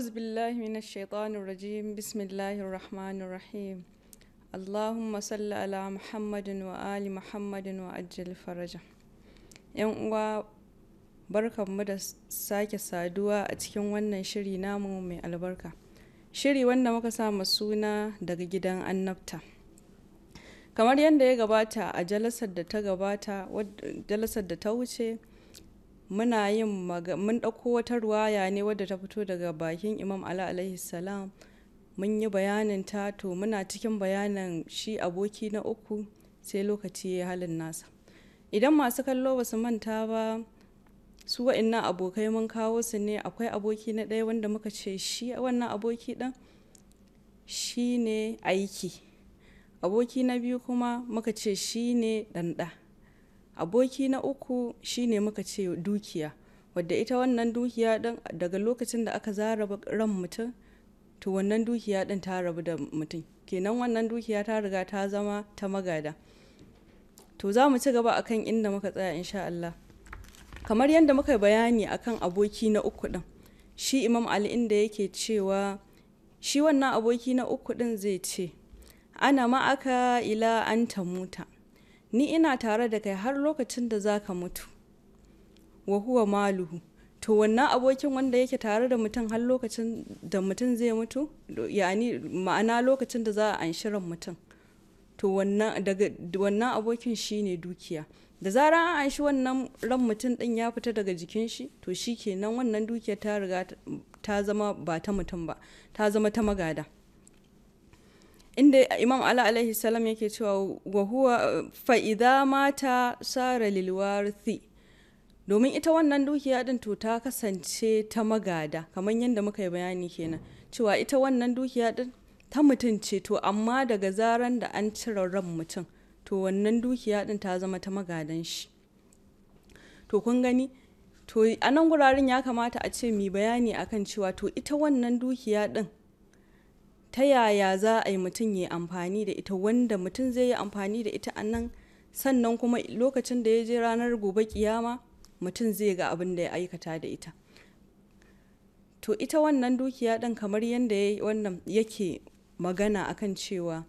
أعوذ بالله من الشيطان الرجيم بسم الله الرحمن الرحيم اللهم صل على محمد وآل محمد وأجل فرجه yan uwa barkanmu da sake saduwa a cikin wannan shiri namu mai albarka shiri wanda muka sama suna daga gidan annabta kamar yadda ya gabata a jalasar da ta gabata jalasar da ta wuce muna yin mun ɗauko wata ruwaya ne wadda ta fito daga bakin imam ala alaihi salam mun yi bayanin ta to muna cikin bayanin shi aboki na uku sai lokaci ya halin nasa idan masu kallo ba su manta ba su wa'innan abokai mun kawo su ne akwai aboki na ɗaya wanda muka ce shi wannan aboki ɗan shi ne aiki aboki na biyu kuma muka ce shi ne ɗanɗa aboki na uku shine muka ce dukiya wadda ita wannan dukiya daga lokacin da aka zara ran mutum to wannan dukiya din ta rabu da mutum kenan wannan dukiya ta riga ta zama ta magada to za mu ci gaba akan inda muka tsaya insha Allah kamar yadda muka bayani akan aboki na uku din shi imam ali inda yake cewa shi wannan aboki na uku din zai ce ana ma'aka ila an ta muta ni ina tare da kai har lokacin da za ka mutu wa huwa maluhu to wannan abokin wanda yake tare da mutum har lokacin da mutum zai mutu yani ma'ana lokacin da za a anshiran mutum to wannan abokin shi ne dukiya da zarar an anshi wannan ran mutum din ya fita daga jikin shi to shi kenan wannan dukiya ta riga ta zama ba ta mutum ba ta zama ta magada inda imam ala alaihi salam yake cewa wa huwa ta mata sara domin ita wannan dukiya din to ta kasance ta magada kamar yadda muka yi bayani kenan cewa ita wannan dukiya din ta mutum ce to amma daga zaran da an cire ran mutum to wannan dukiya din ta zama ta magadan shi to kun gani to a nan guraren ya kamata a ce mai bayani akan cewa to ita wannan dukiya din ta yaya za a yi mutum ya amfani da ita wanda mutum zai yi amfani da ita a nan sannan kuma lokacin da ya je ranar gobe kiyama mutum zai ga abin da ya aikata da ita to ita wannan dukiya ɗin kamar yadda wannan yake magana akan cewa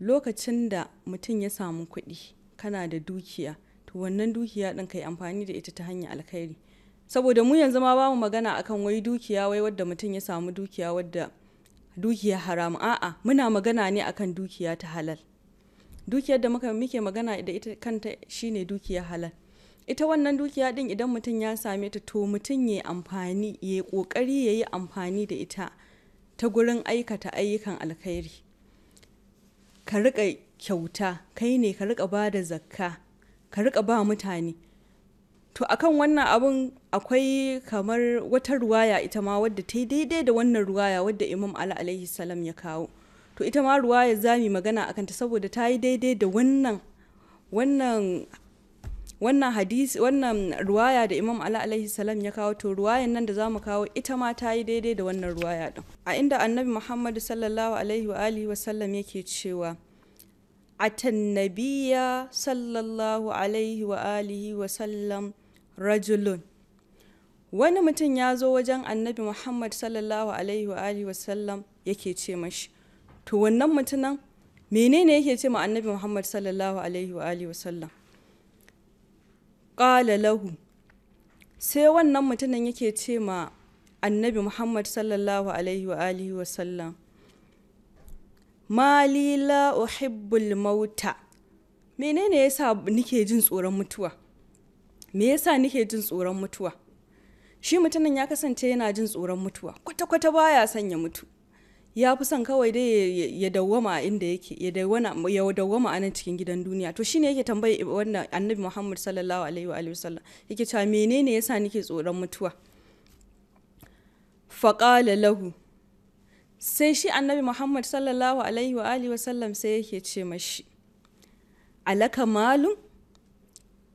lokacin da mutum ya samu kuɗi kana da dukiya to wannan dukiya ɗin ka yi amfani da ita ta hanyar alkhairi saboda mu yanzu ma ba mu magana akan wai dukiya wai wadda mutum ya samu dukiya wadda dukiya haram a'a muna magana ne akan dukiya ta halal dukiyar da muka muke magana da ita kanta shine dukiya halal ita wannan dukiya din idan mutum ya same ta to mutum ya amfani ya kokari ya yi amfani da ita ta gurin aikata ayyukan alkhairi ka rika kyauta kai ne ka rika ba da zakka ka rika ba mutane to akan wannan abun akwai kamar wata ruwaya ita ma wadda ta yi daidai da wannan ruwaya wadda imam ala alaihi salam ya kawo to ita ma ruwaya za mu magana akan ta saboda ta yi daidai da wannan wannan wannan hadisi wannan ruwaya da imam ala alaihi salam ya kawo to ruwayan nan da za mu kawo ita ma ta yi daidai da wannan ruwaya din a inda annabi muhammadu sallallahu alaihi wa alihi wa sallam yake cewa a tannabiya sallallahu alaihi wa alihi wa sallam rajulun wani mutum ya zo wajen annabi muhammad sallallahu alaihi wa sallam wasallam yake ce mashi to wannan mutumin menene yake ce ma annabi muhammad sallallahu alaihi wa alihi wasallam ƙala lahu sai wannan mutumin yake ce ma annabi muhammad sallallahu alaihi wa alihi wasallam mali la uhibbul mauta menene yasa nike jin tsoron mutuwa me yasa nake jin tsoron mutuwa shi mutumin ya kasance yana jin tsoron mutuwa kwata-kwata baya son ya mutu ya fi son kawai dai ya dawwama a inda yake ya dawwama a nan cikin gidan duniya to shine yake tambayi wannan annabi muhammad sallallahu alaihi wa sallam yake cewa menene yasa nake tsoron mutuwa faqala lahu sai shi annabi muhammad sallallahu alaihi wa alihi wasallam sai yake ce mashi alaka malum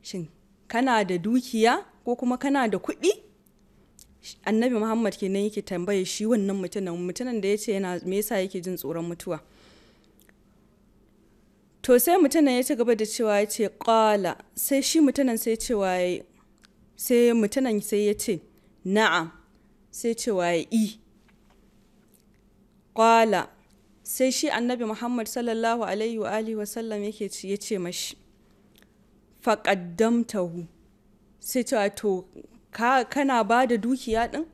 shin kana da dukiya ko kuma kana da kuɗi annabi muhammad kenan yake tambaye shi wannan mutumin mutumin da ya ce yana me yasa yake jin tsoron mutuwa to sai mutumin ya ci gaba da cewa ya ce ƙala sai shi mutumin sai cewa ya sai mutumin sai ya ce na'a sai cewa ya yi ƙala sai shi annabi muhammad sallallahu alaihi wa alihi wasallam yake ce mashi faƙaddamtahu sai ce to kana ba da dukiya ɗin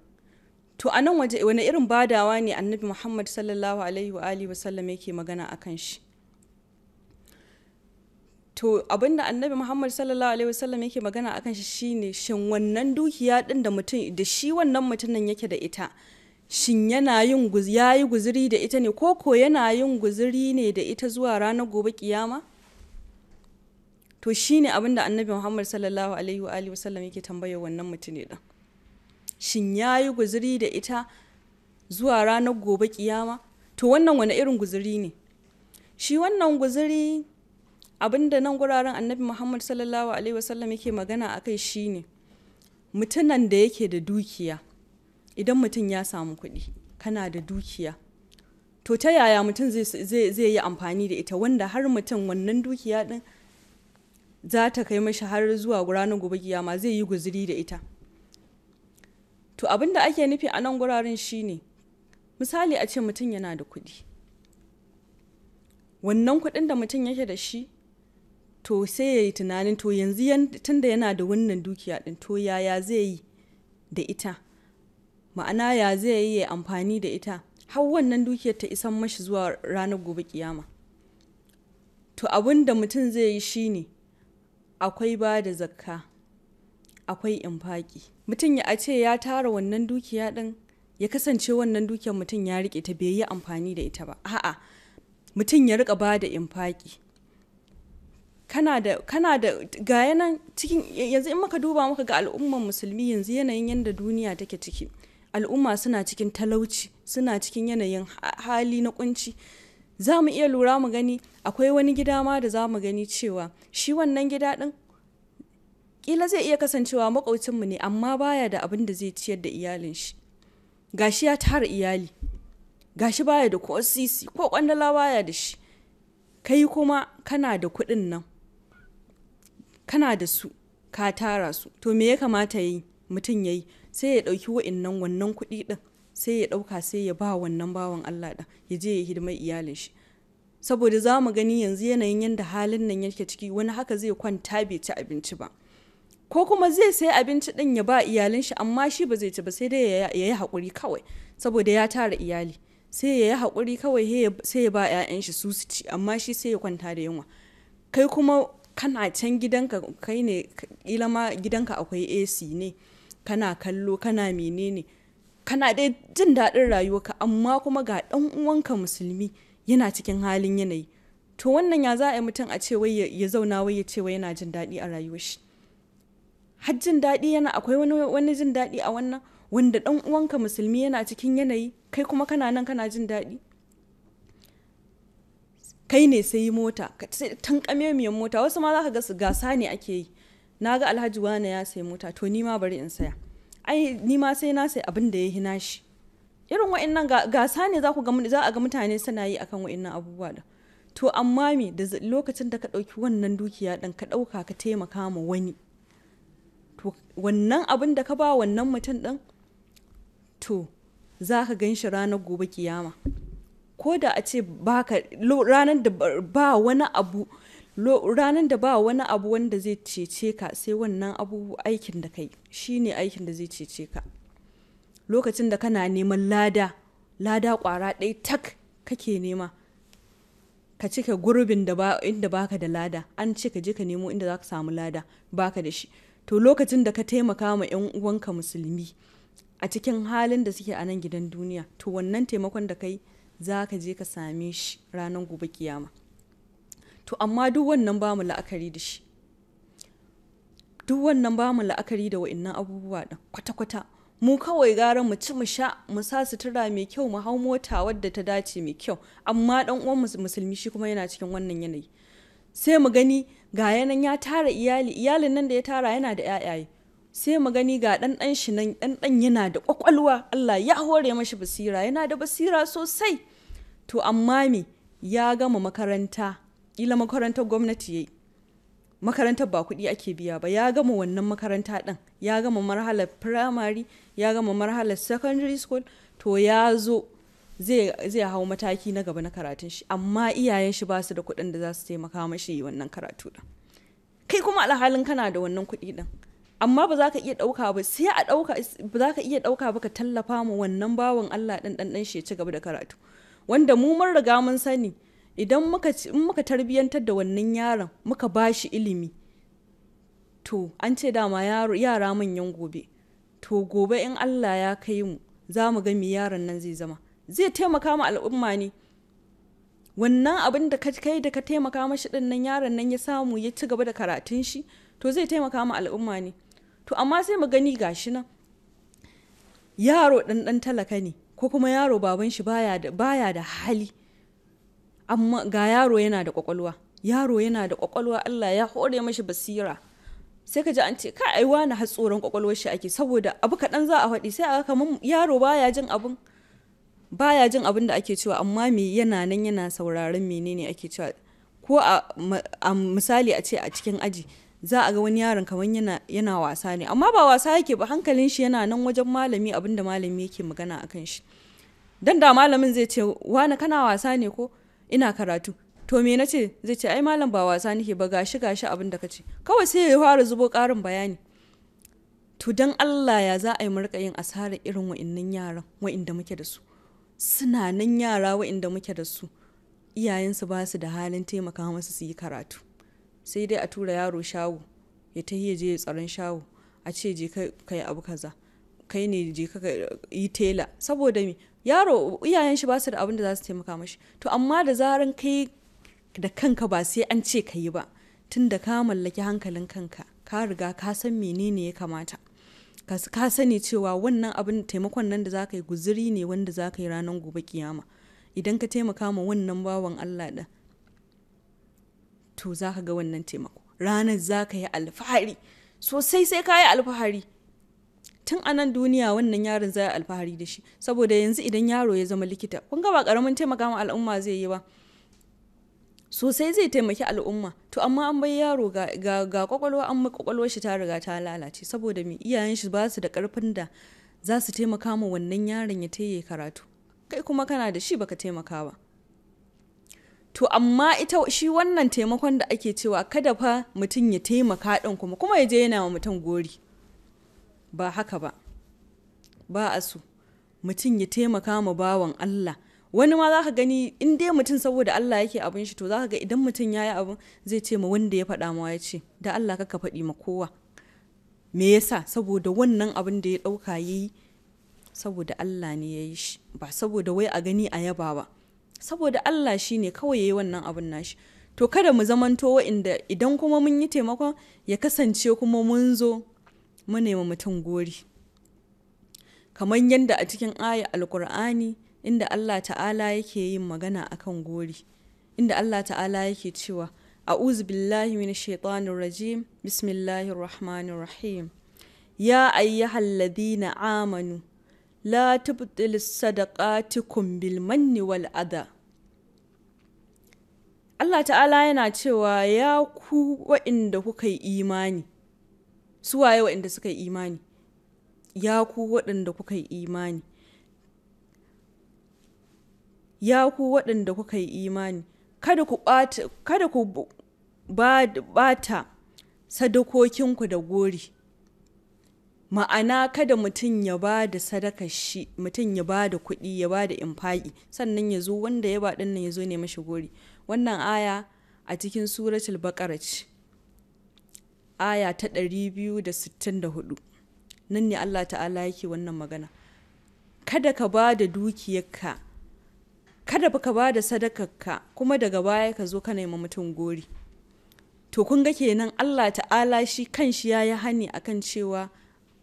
to a nan waje wani irin badawa ne annabi muhammad sallallahu alaihi wa alihi wasallam yake magana a kan shi to abinda annabi muhammad sallallahu alaihi wasallam yake magana a kan shi shine shin wannan dukiya ɗin da mutum da shi wannan mutumin yake da ita shin yana yin guziri da ita ne ko ko yana yin guziri ne da ita zuwa ranar gobe kiyama to shine abin da annabi muhammad sallallahu alaihi wa alihi wasallam yake tambaya wannan mutune da shin ya yi guzuri da ita zuwa ranar gobe kiyama to wannan wani irin guzuri ne shi wannan guzuri da nan guraren annabi muhammad sallallahu alaihi wasallam yake magana a kai shine mutunan da yake da dukiya idan mutum ya samu kuɗi kana da dukiya to ta yaya mutum zai yi amfani da ita wanda har mutum wannan dukiya din za ta kai mashi har zuwa ranar gobe kiyama zai yi guziri da ita to abin da ake nufi a nan guraren shine misali a ce mutum yana da kuɗi wannan kuɗin da mutum yake da shi to sai ya yi tunanin to yanzu tun da yana da wannan dukiya din to yaya zai yi da ita ma'ana ya zai yi amfani da ita har wannan dukiyar ta isan mashi zuwa ranar gobe kiyama to abin da mutum zai yi shine akwai ba da zakka akwai infaki mutum ya ce ya tara wannan dukiya din ya kasance wannan dukiyar mutum ya rike ta bai yi amfani da ita ba a'a mutum ya rika ba da infaki kana da kana da ga yanan cikin yanzu in maka duba maka ga al'ummar musulmi yanzu yanayin yadda duniya take ciki al'umma suna cikin talauci suna cikin yanayin hali na kunci za mu iya lura mu gani akwai wani gida ma da za mu gani cewa shi wannan gida din? ƙila zai iya kasancewa mu ne amma baya da abin da zai ciyar da iyalin shi gashi ya tara iyali gashi baya da ko sisi ko kwandala baya da shi kai kuma kana da kuɗin nan kana da su ka tara su to me ya kamata yi mutum ya yi sai ya ɗauki nan wannan kuɗi ɗin sai ya ɗauka sai ya ba wannan bawan Allah da ya je ya hidimar iyalin shi saboda za mu gani yanzu yanayin yadda halin nan yake ciki wani haka zai kwanta bai ci abinci ba ko kuma zai sai abinci ɗin ya ba iyalin shi amma shi ba zai ci ba sai dai ya yi haƙuri kawai saboda ya tara iyali sai ya yi haƙuri kawai sai ya ba 'ya'yan shi su su ci amma shi sai ya kwanta da yunwa kai kuma kana can gidanka kai ne ilama gidanka akwai ac ne kana kallo kana menene ne kana dai jin daɗin rayuwarka amma kuma ga ɗan uwanka musulmi yana cikin halin yanayi to wannan ya za a yi mutum a ce wai ya zauna wai ya ce wai yana jin daɗi a rayuwar shi har jin daɗi yana akwai wani jin daɗi a wannan wanda ɗan uwanka musulmi yana cikin yanayi kai kuma kana nan kana jin daɗi kai ne sai mota tan miyan mota wasu ma za ka ga su gasa ne ake yi na ga alhaji wane ya sai mota to ni ma bari in saya ai ni ma sai na sai abin da ya hina shi irin wa'annan gasa ne za ga a ga mutane suna yi akan wa'annan abubuwa da to amma me da lokacin da ka ɗauki wannan dukiya ɗin ka ɗauka ka taimaka ma wani to wannan abin da ka ba wannan mutum ɗin to za ka gan shi ranar gobe kiyama ko da a ce ranar da ba wani abu ranar da ba wani abu wanda zai cece ka sai wannan abu aikin da kai shi ne aikin da zai cece ka lokacin da kana neman lada lada kwara ɗai tak kake nema ka cika gurbin da ba inda baka da lada an ce ka je ka nemo inda za ka samu lada baka da shi to lokacin da ka taimaka ma yan uwanka musulmi a cikin halin da suke a nan gidan duniya to wannan taimakon da kai za ka je ka same shi ranar gobe kiyama to amma duk wannan ba mu la'akari da shi duk wannan ba mu la'akari da wa'innan abubuwa da kwata-kwata mu kawai gara mu ci mu sha mu sa sutura mai kyau mu hau mota wadda ta dace mai kyau amma dan uwan musulmi shi kuma yana cikin wannan yanayi sai mu gani ga yanan ya tara iyali iyalin nan da ya tara yana da yayaye sai mu gani ga dan dan shi nan dan dan yana da kwakwalwa Allah ya hore mashi basira yana da basira sosai to amma me ya gama makaranta kila makarantar gwamnati ya yi makarantar ba kuɗi ake biya ba ya gama wannan makaranta ɗin ya gama marhalar primary ya gama marhalar secondary school to ya zo zai hau mataki na gaba na karatun shi amma iyayen shi ba su da kuɗin da za su taimaka mashi wannan karatu ɗin kai kuma alhalin kana da wannan kuɗi ɗin amma ba za ka iya ɗauka ba sai a ɗauka ba ka iya ɗauka ba ka tallafa ma wannan bawan Allah ɗin ɗan ɗan shi ya ci gaba da karatu wanda mu mun riga mun sani idan muka tarbiyyantar da wannan yaron muka ba shi ilimi to an ce dama yara manyan gobe to gobe in allah ya kai mu za mu ga mi yaron nan zai zama zai taimaka ma al'umma ne wannan abin da kai da ka taimaka mashi din nan yaron nan ya samu ya ci gaba da karatun shi to zai taimaka ma al'umma ne to amma sai mu gani gashi nan yaro ɗanɗan talaka ne ko kuma yaro baban shi baya da hali amma ga yaro yana da kwakwalwa yaro yana da kwakwalwa Allah ya hore mashi basira sai ka ji an ce ka ai wani har tsoron kwakwalwar shi ake saboda abu kaɗan za a faɗi sai a kamar yaro baya jin abun baya jin abin da ake cewa amma me yana nan yana sauraron menene ake cewa ko a misali a ce a cikin aji za a ga wani yaron kamar yana, wasa ne amma ba wasa yake ba hankalin shi yana nan wajen malami abinda malami yake magana a kan shi dan da malamin zai ce wani kana wasa ne ko ina karatu to me na ce zai ce ai malam ba wasa nake ba gashi gashi abin da kace kawai sai ya fara zubo karin bayani to dan Allah ya za a yi murƙa yin asarar irin wa'innan yaran wa'inda muke da su suna nan yara wa'inda muke da su iyayensu ba su da halin taimaka masu su yi karatu sai dai a tura yaro shawo ya ta ya tsaron shawo a ce je ka abu kaza kai ne je ka yi tela saboda me yaro iyayen shi ba su da abin da za su taimaka mashi to amma da zarar kai da kanka ba sai an ce ka yi ba tun da ka mallaki hankalin kanka ka riga ka san menene ya kamata ka sani cewa wannan abin taimakon nan da za ka yi guziri ne wanda za ka yi ranar gobe kiyama idan ka taimaka ma wannan bawan allah ɗin to za ka ga wannan taimako ranar za ka yi alfahari sosai sai ka yi alfahari tun a nan duniya wannan yaron za a alfahari da shi saboda yanzu idan yaro ya zama likita kun ga ba karamin taimaka ma al'umma zai yi ba sosai zai taimaki al'umma to amma an bai yaro ga kwakwalwa an mai kwakwalwar shi ta riga ta lalace saboda me iyayen shi ba su da karfin da za su taimaka ma wannan yaron ya taye karatu kai kuma kana da shi baka taimaka ba to amma ita shi wannan taimakon da ake cewa kada fa mutum ya taimaka ɗan kuma kuma ya je yana wa mutum gori ba haka ba ba a so mutum ya taimaka ma bawan Allah wani ma zaka gani in dai mutum saboda Allah yake abin shi to zaka ga idan mutum ya yi abin zai ce ma wanda ya faɗa ma ya ce da Allah ka faɗi ma kowa me yasa saboda wannan abin da ya ɗauka ya yi saboda Allah ne ya yi shi ba saboda wai a gani a yaba ba saboda Allah shi ne kawai ya yi wannan abin nashi to kada mu zamanto wa'inda idan kuma mun yi taimakon ya kasance kuma mun zo mu nema mutum gori kamar yadda a cikin aya alkur'ani inda Allah ta'ala yake yin magana akan gori inda Allah ta'ala yake cewa a'udhu billahi minash shaitanir rajim bismillahir rahmanir rahim ya ayyuhalladhina amanu la tubtil sadaqatikum bil manni wal adha Allah ta'ala yana cewa ya ku wa'inda kuka yi imani su waye waɗanda suka yi imani ya ku waɗanda kuka yi imani ya ku waɗanda kuka yi imani kada ku kada ku bata sadakokinku da gori ma'ana kada mutum ya ba da sadaka shi mutum ya ba da kuɗi ya ba da infaƙi sannan ya zo wanda ya ba ɗin nan ya zo ne mashi gori wannan aya a cikin suratul baƙara ce aya ta 264 nan ne Allah ta'ala yake wannan magana kada ka ba da dukiyarka kada ka ba da sadakarka kuma daga baya ka zo ka nema mutum gori to kun ga kenan Allah ta'ala shi kanshi ya yi hani akan cewa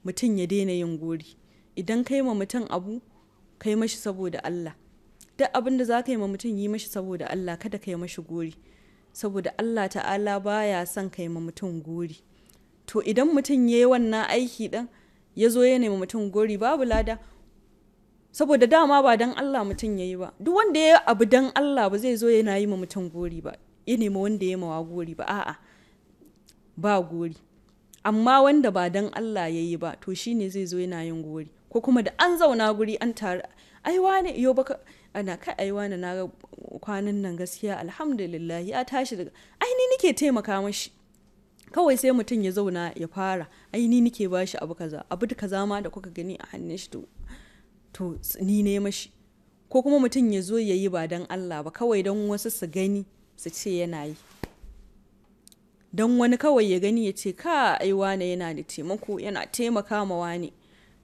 mutum ya daina yin gori idan kai ma mutum abu kai mashi saboda Allah duk abin da za ka yi ma mutum yi mashi saboda Allah kada ka yi mashi gori saboda Allah ta'ala baya son ka yi ma mutum gori to idan mutum ya yi wannan aiki ɗin ya zo ya nemi mutum gori babu lada saboda dama ba don Allah mutum ya yi ba duk wanda ya abu don Allah ba zai zo yana yi ma mutum gori ba ya nemi wanda ya mawa gori ba a'a ba gori amma wanda ba don Allah ya yi ba to shi ne zai zo yana yin gori ko kuma da an zauna guri an taru ai wane yo baka ana kai ai wane na kwanan nan gaskiya alhamdulillah ya tashi daga ai ni nike taimaka mashi kawai sai mutum ya zauna ya fara ai ni nike ba shi abu kaza abu da kaza ma da kuka gani a hannun shi to ni ne mashi ko kuma mutum ya zo ya yi ba don Allah ba kawai don wasu su gani su ce yana yi don wani kawai ya gani ya ce ka ai wane yana da taimako yana taimaka ma wani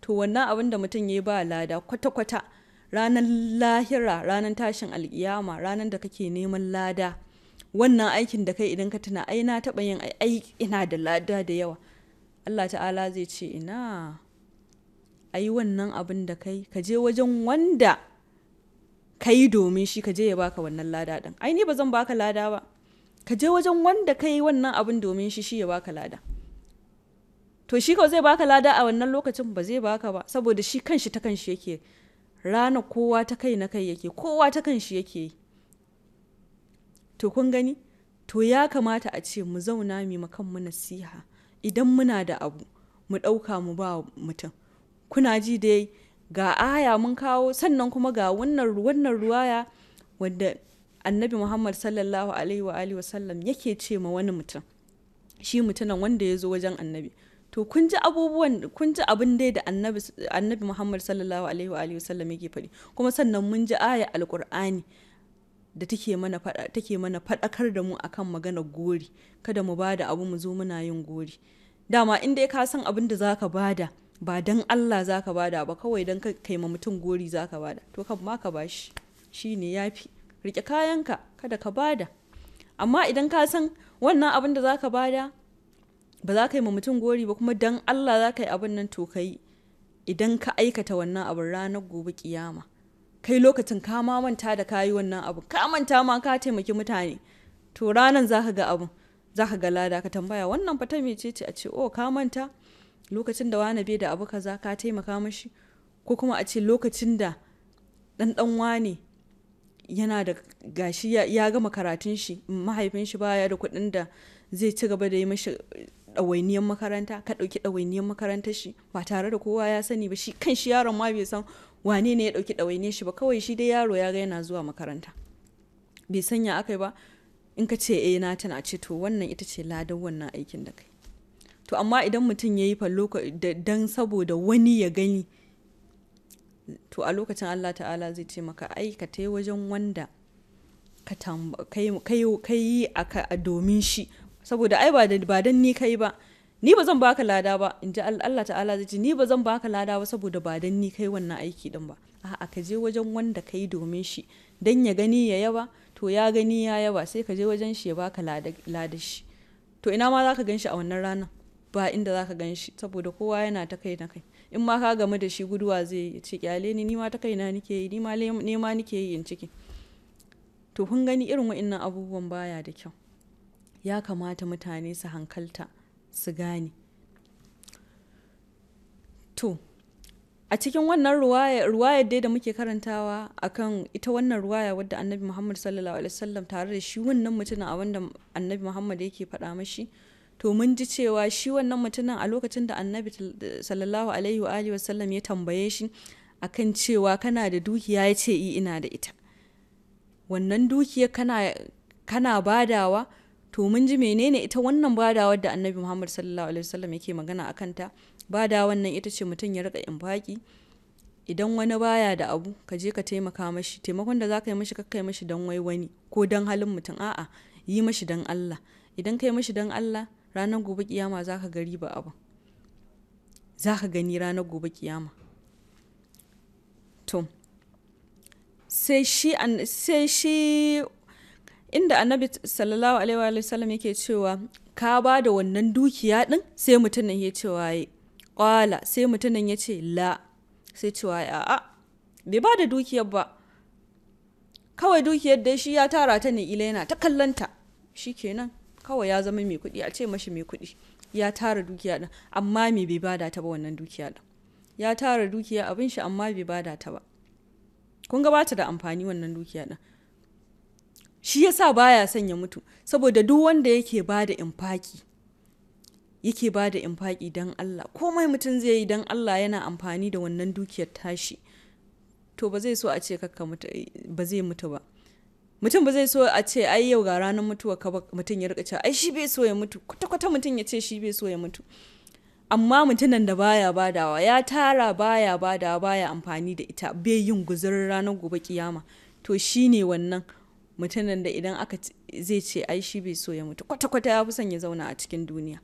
to wannan abin da mutum ya yi ba lada kwata-kwata ranar lahira ranar tashin alkiyama ranar da kake neman lada wannan aikin da kai idan ka tuna ai na taɓa yin ai ina da lada da yawa Allah ta'ala zai ce ina ai wannan abin da kai ka je wajen wanda ka yi domin shi ka je ya baka wannan lada din ai ni ba zan baka lada ba ka je wajen wanda ka yi wannan abin domin shi shi ya baka lada to shi kawai zai baka lada a wannan lokacin ba zai baka ba saboda shi kanshi ta kanshi yake rana kowa ta kai na kai yake kowa ta kanshi yake yi to kun gani to ya kamata a ce mu zauna mu kanmu nasiha idan muna da abu mu ɗauka mu ba mutum kuna ji dai ga aya mun kawo sannan kuma ga wannan wannan ruwaya wanda annabi muhammad sallallahu alaihi wa alihi wasallam yake ce ma wani mutum shi mutumin wanda ya zo wajen annabi to kun ji abubuwan kun ji abin dai da annabi annabi muhammad sallallahu alaihi wa alihi wasallam yake faɗi kuma sannan mun ji aya alqur'ani da take mana faɗakar da mu akan maganar gori kada mu ba da abu mu zo muna yin gori dama in dai ka san abin da zaka ka ba dan Allah zaka ka ba kawai dan kai ma mutum gori zaka da to kan ma ka bashi shine yafi rike kayanka kada ka ba da amma idan ka san wannan abin da zaka ka ba za ka yi ma mutum gori ba kuma dan Allah za ka yi abin nan to ka yi idan ka aikata wannan abin ranar gobe kiyama kai lokacin ka ma manta da kayi wannan abu ka manta ma ka taimaki mutane to ranan zaka ga abu zaka ga lada ka tambaya wannan fata mece ce a ce oh ka manta lokacin da wani bai da abu kaza ka taimaka mashi ko kuma a ce lokacin da dan dan wane yana da gashi ya gama karatun shi mahaifin shi baya da kuɗin da zai ci gaba da yi mashi ɗawainiyar makaranta ka ɗauki ɗawainiyar makaranta shi ba tare da kowa ya sani ba shi kan shi yaron ma bai san wane ne ya ɗauki ɗawainiyar shi ba kawai shi dai yaro ya ga yana zuwa makaranta bai sanya akai ba in ka ce eh na tana ce to wannan ita ce ladan wannan aikin da kai to amma idan mutum ya yi fallo dan saboda wani ya gani to a lokacin Allah ta'ala zai ce maka ai ka wajen wanda ka yi a domin shi saboda ai ba dan ni kai ba ni ba zan baka lada ba in ji Allah ta'ala zai ce ni ba zan baka lada ba saboda ba dan ni kai wannan aiki din ba a'a ka je wajen wanda kai domin shi dan ya gani ya yaba to ya gani ya yaba sai ka je wajen shi ya baka lada shi to ina ma zaka gan shi a wannan ranar ba inda zaka gan shi saboda kowa yana ta kai na kai in ma ka gamu da shi guduwa zai ce kyale ni ni ma ta kai na nike yi ni ma nema nike yi in ciki to kun gani irin wa'annan abubuwan baya da kyau ya kamata mutane su hankalta su gane to a cikin wannan ruwayar dai da muke karantawa akan ita wannan ruwaya wadda annabi muhammad sallallahu alaihi wasallam tare da shi wannan mutumin a wanda annabi muhammad yake faɗa mashi to mun ji cewa shi wannan mutumin a lokacin da annabi sallallahu alaihi wa wasallam ya tambaye shi akan cewa kana da dukiya ya ce eh, ina da ita wannan dukiya kana kana badawa to mun ji menene ita wannan badawar da annabi muhammad sallallahu alaihi wasallam yake magana a kanta badawar nan ita ce mutum ya rika infaki idan wani baya da abu ka je ka taimaka mashi taimakon da za ka yi mashi kakkai mashi don wai wani ko don halin mutum a'a yi mashi don allah idan ka yi mashi don allah ranar gobe kiyama za ka gari ba abu za ka gani ranar gobe kiyama to sai shi inda annabi sallallahu alaihi wa sallam yake cewa ka ba da wannan dukiya din sai mutumin ya ce waye kwala sai mutumin ya ce la sai ce waye a'a bai ba da dukiyar ba kawai dukiyar dai shi ya tara ta ne ila yana ta kallanta kenan kawai ya zama mai kuɗi a ce mashi mai kuɗi ya tara dukiya din amma me bai bada ta ba wannan dukiya din ya tara dukiya abin shi amma bai bada ta ba kun gabata da amfani wannan dukiya din shi ba ya son ya mutu saboda duk wanda yake bada infaki yake da infaki don Allah komai mutum zai yi don Allah yana amfani da wannan dukiyar tashi to ba zai so a ce kakka mutu ba zai mutu ba mutum ba zai so a ce ai yau ga ranar mutuwa ka mutum ya rika cewa ai shi bai so ya mutu kwata-kwata mutum ya ce shi bai so ya mutu amma mutumin da baya badawa ya tara baya badawa baya amfani da ita bai yin guzurin ranar gobe kiyama to shine wannan mutumin da idan aka zai ce ai shi bai so ya mutu kwata-kwata ya fi son ya zauna a cikin duniya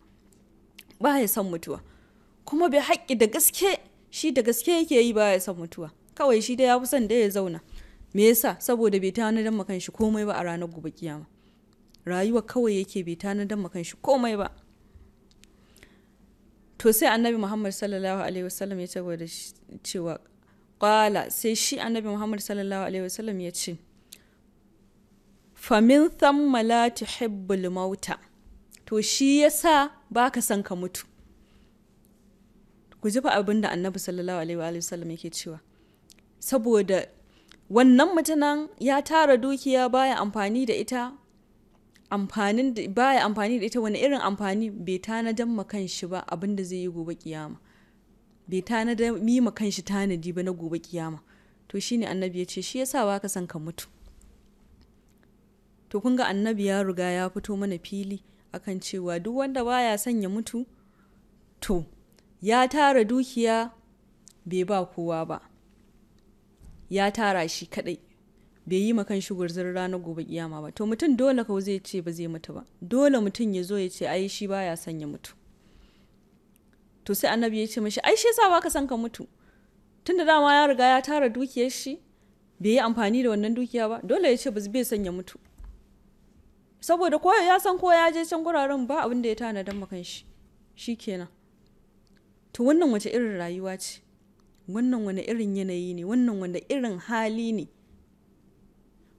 ba ya son mutuwa kuma bai haƙƙi da gaske shi da gaske yake yi ba ya son mutuwa kawai shi da ya fi son da ya zauna me yasa saboda bai tanadar makan shi komai ba a ranar gobe kiyama rayuwa kawai yake bai tanadar makan shi komai ba to sai annabi muhammad sallallahu alaihi wasallam ya ce cewa kwala sai shi annabi muhammad sallallahu alaihi wasallam ya ce famin thamma la tuhibbul mauta to shi yasa baka son ka mutu ku ji fa abin da annabi sallallahu alaihi wa sallam yake cewa saboda wannan mutanan ya tara dukiya baya amfani da ita amfanin da baya amfani da ita wani irin amfani bai tanadan ma kanshi ba abin da zai yi gobe kiyama bai tanadan mi ma kanshi tanadi ba na gobe kiyama to shine annabi ya ce shi yasa baka son ka mutu to kun ga annabi ya riga ya fito mana fili akan cewa duk wanda baya son ya mutu to ya tara dukiya bai ba kowa ba ya tara shi kadai bai yi makan shi gurzin rana gobe kiyama ba to mutum dole kawai zai ce ba zai mutu ba dole mutum ya zo ya ce ai shi baya son ya mutu to sai annabi ya ce mashi ai shi yasa baka san ka mutu tunda dama ya riga ya tara dukiyar shi bai yi amfani da wannan dukiya ba dole ya ce ba zai son ya mutu saboda ko ya san ko ya je can guraren ba abin da ya tanadan makan shi shi kenan to wannan wace irin rayuwa ce wannan wani irin yanayi ne wannan wanda irin hali ne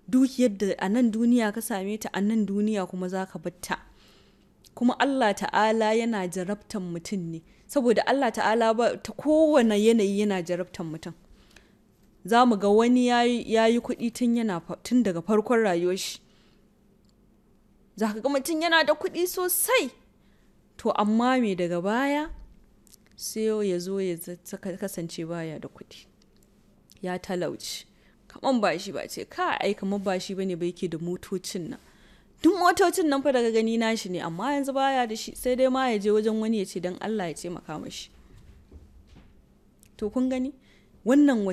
dukiyar da a nan duniya ka same ta a nan duniya kuma za ka batta kuma Allah ta'ala yana jarabtan mutum ne saboda Allah ta'ala ba ta kowane yanayi yana jarabtan mutum za mu ga wani ya yi kuɗi tun daga farkon rayuwar shi za ka ga mutum yana da kuɗi sosai to amma me daga baya sai ya zo ya kasance baya da kuɗi ya talauci kaman ba shi ba ce ka ai kamar ba shi bane ba yake da motocin nan duk motocin nan fa daga gani nashi ne amma yanzu baya da shi sai dai ma ya je wajen wani ya ce dan Allah ya taimaka mashi to kun gani wannan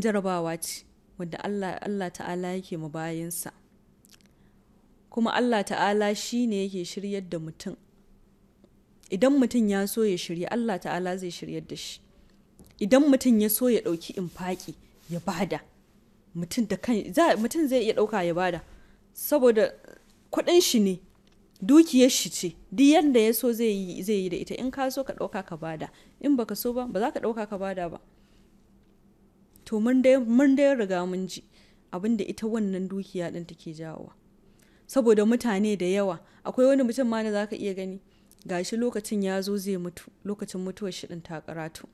jarabawa ce wanda Allah Allah ta'ala yake ma bayansa kuma Allah ta'ala shi ne yake shiryar da mutum idan mutum ya so ya shirya Allah ta'ala zai shiryar da shi idan mutum ya so ya ɗauki infaƙi ya bada mutum zai iya ɗauka ya bada saboda kuɗin shi ne dukiyar shi ce duk yadda ya so zai yi da ita in ka so ka ɗauka ka bada in baka so ba ba za ka ɗauka ka bada ba to mun dai riga mun ji abinda ita wannan dukiya ɗin take jawowa saboda mutane da yawa akwai wani mutum ma da zaka iya gani gashi lokacin ya zo zai mutu lokacin mutuwar shi din ta karatu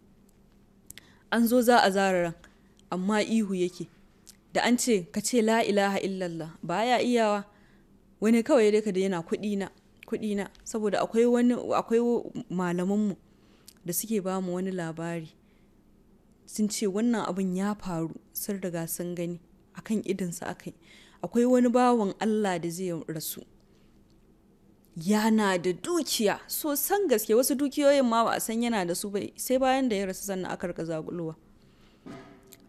an zo za a zara amma ihu yake da an ce ka ce la ilaha illallah ba ya iyawa wani kawai dai ka da yana kudi na saboda akwai wani akwai malamanmu da suke ba mu wani labari sun ce wannan abin ya faru sun riga sun gani akan idinsa akai akwai wani bawan Allah da zai rasu yana da dukiya sosan gaske wasu dukiyoyin ma ba a san yana da su ba sai bayan da ya rasu sannan aka rika zagulowa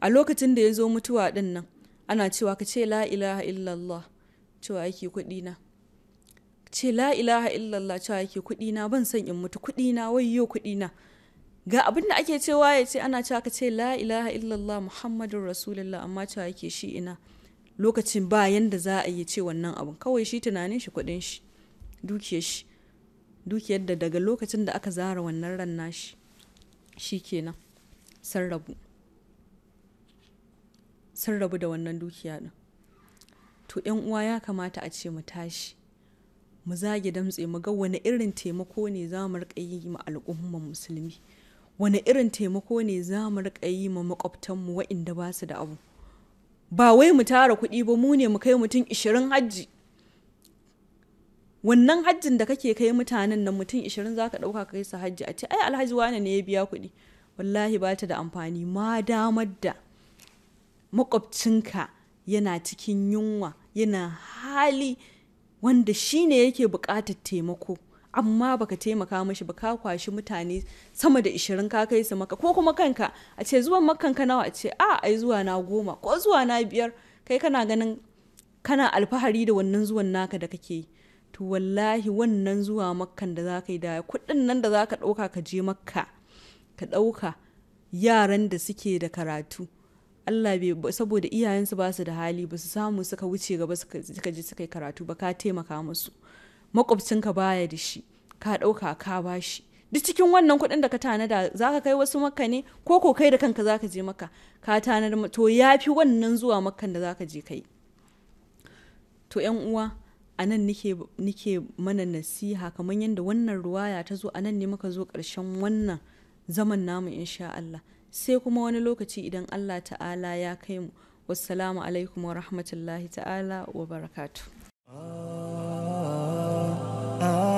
a lokacin da ya zo mutuwa din nan ana cewa ka ce la ilaha illallah cewa yake kuɗi na ce la ilaha illallah cewa yake kuɗi na ban san in mutu kuɗi na wayyo kuɗi na ga abin da ake cewa ya ce ana cewa ka ce la ilaha illallah muhammadun rasulullah amma cewa yake shi ina lokacin ba yanda za a yi ce wannan abun kawai shi tunanin shi kuɗin shi dukiyar shi dukiyar da daga lokacin da aka zara wannan ran nashi shi kenan sarrabu sarrabu sun da wannan dukiya ɗin to yan uwa ya kamata a ce mu tashi mu zage damtse mu ga wani irin taimako ne za mu riƙa yi ma al'umman musulmi wani irin taimako ne za mu riƙa yi ma makwabtanmu waɗanda ba su da abu ba wai mu tara kuɗi ba mu ne mu kai mutum ishirin hajji wannan hajjin da kake kai mutanen nan mutum ishirin za ka ɗauka kai su hajji a ce ai alhaji wane ne ya biya kuɗi wallahi ba ta da amfani ma damar da makwabcinka yana cikin yunwa yana hali wanda shine yake buƙatar taimako amma baka taimaka mashi ba ka kwashi mutane sama da ishirin ka kai su maka ko kuma kanka a ce zuwan ka nawa a ce a ai zuwa na goma ko zuwa na biyar kai kana ganin kana alfahari da wannan zuwan naka da kake to wallahi wannan zuwa makkan da za yi da kuɗin nan da zaka ka ɗauka ka je makka ka ɗauka yaran da suke da karatu Allah bai saboda iyayensu ba su da hali ba su samu suka wuce gaba suka je suka yi karatu ba ka taimaka musu makwabcinka baya da shi ka ɗauka ka ba shi duk cikin wannan kuɗin da ka tanada za ka kai wasu makka ne ko ko kai da kanka za ka je maka ka tanar to ya fi wannan zuwa makkan da za ka je kai to yan uwa a nan nike mana nasiha kamar yadda wannan ruwaya ta zo a nan ne muka zo ƙarshen wannan zaman namu insha Allah sai kuma wani lokaci idan Allah ta'ala ya kai mu wassalamu alaikum wa rahmatullahi ta'ala wa barakatu Oh.